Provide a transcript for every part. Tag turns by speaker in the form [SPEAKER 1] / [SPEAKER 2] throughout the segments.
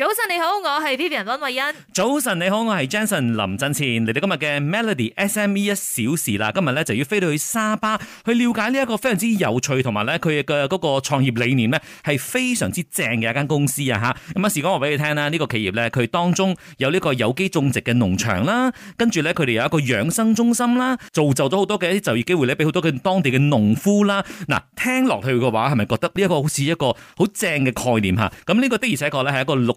[SPEAKER 1] 早晨你好，我係 Vivian 溫慧欣。
[SPEAKER 2] 早晨你好，我係 Jenson 林振前。嚟到今日嘅 Melody S M E 一小時啦，今日咧就要飛到去沙巴去了解呢一個非常之有趣，同埋咧佢嘅嗰個創業理念咧係非常之正嘅一間公司啊吓。咁一時講話俾你聽啦，呢、這個企業咧佢當中有呢個有機種植嘅農場啦、啊，跟住咧佢哋有一個養生中心啦，造就咗好多嘅一啲就業機會咧，俾好多嘅當地嘅農夫啦。嗱、啊，聽落去嘅話，係咪覺得呢一個好似、啊這個、一個好正嘅概念吓？咁呢個的而且確咧係一個綠。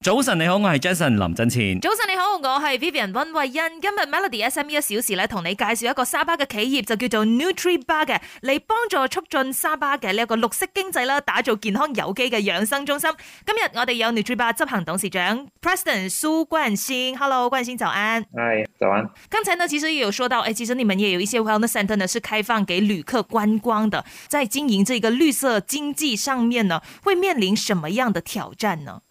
[SPEAKER 1] 早晨，你好，我係 Jason 林振前。早晨，你好，我係 Vivian 溫慧欣。今日 Melody SME 一小時咧，同你介紹一個沙巴嘅企業，就叫做 Nutri Bar 嘅，嚟幫助促進沙巴嘅呢一個綠色經濟啦，打造健康有機嘅養生中心。今日我哋有 Nutri Bar 執行董事長 President 蘇冠興，Hello 冠興，早安。Hi，早安。剛才呢，其實也有說到，誒、哎，其實你們也有一些 wellness center 呢，是開放給旅客觀光的，在經營這個綠色經濟上面呢，會面臨什麼樣的挑戰呢？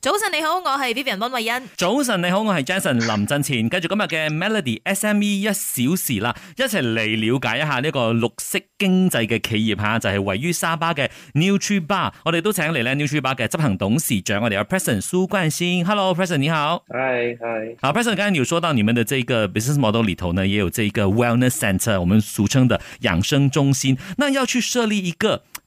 [SPEAKER 1] 早晨你好，我係 Vivian 溫慧欣。
[SPEAKER 2] 早晨你好，我係 Jason 林振前。繼續今日嘅 Melody SME 一小時啦，一齊嚟了解一下呢個綠色經濟嘅企業吓，就係、是、位於沙巴嘅 New Tree Bar。我哋都請嚟咧 New Tree Bar 嘅執行董事長，我哋嘅 President 蘇冠先。Hello，President 你好。Hi Hi。好、啊、，President，剛才有說到你們的這一個 business model 裏頭呢，也有這一個 wellness center，我們俗稱的養生中心。那要去設立一個？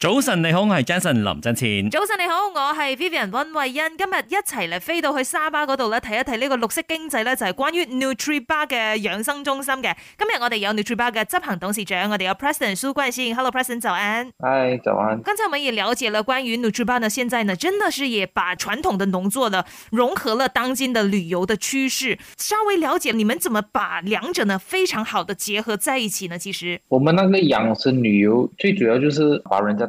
[SPEAKER 1] 早晨，你好，我係 Jason 林振前。早晨，你好，我係 Vivian 溫慧欣。今日一齊嚟飛到去沙巴嗰度咧，睇一睇呢個綠色經濟咧，就係、是、關於 Nutri 巴嘅養生中心嘅。今日我哋有 Nutri 巴嘅執行董事長，我哋有蘇 Hello, President 蘇君先。Hello，President，早安。
[SPEAKER 3] 嗨，早安。
[SPEAKER 1] 剛才我已了解了關於 Nutri 巴呢，現在呢，真的是也把傳統的農作呢融合了當今的旅遊的趨勢。稍微了解，你們怎麼把兩者呢，非常好的結合在一起呢？其實
[SPEAKER 3] 我們那個養生旅遊最主要就是把人家，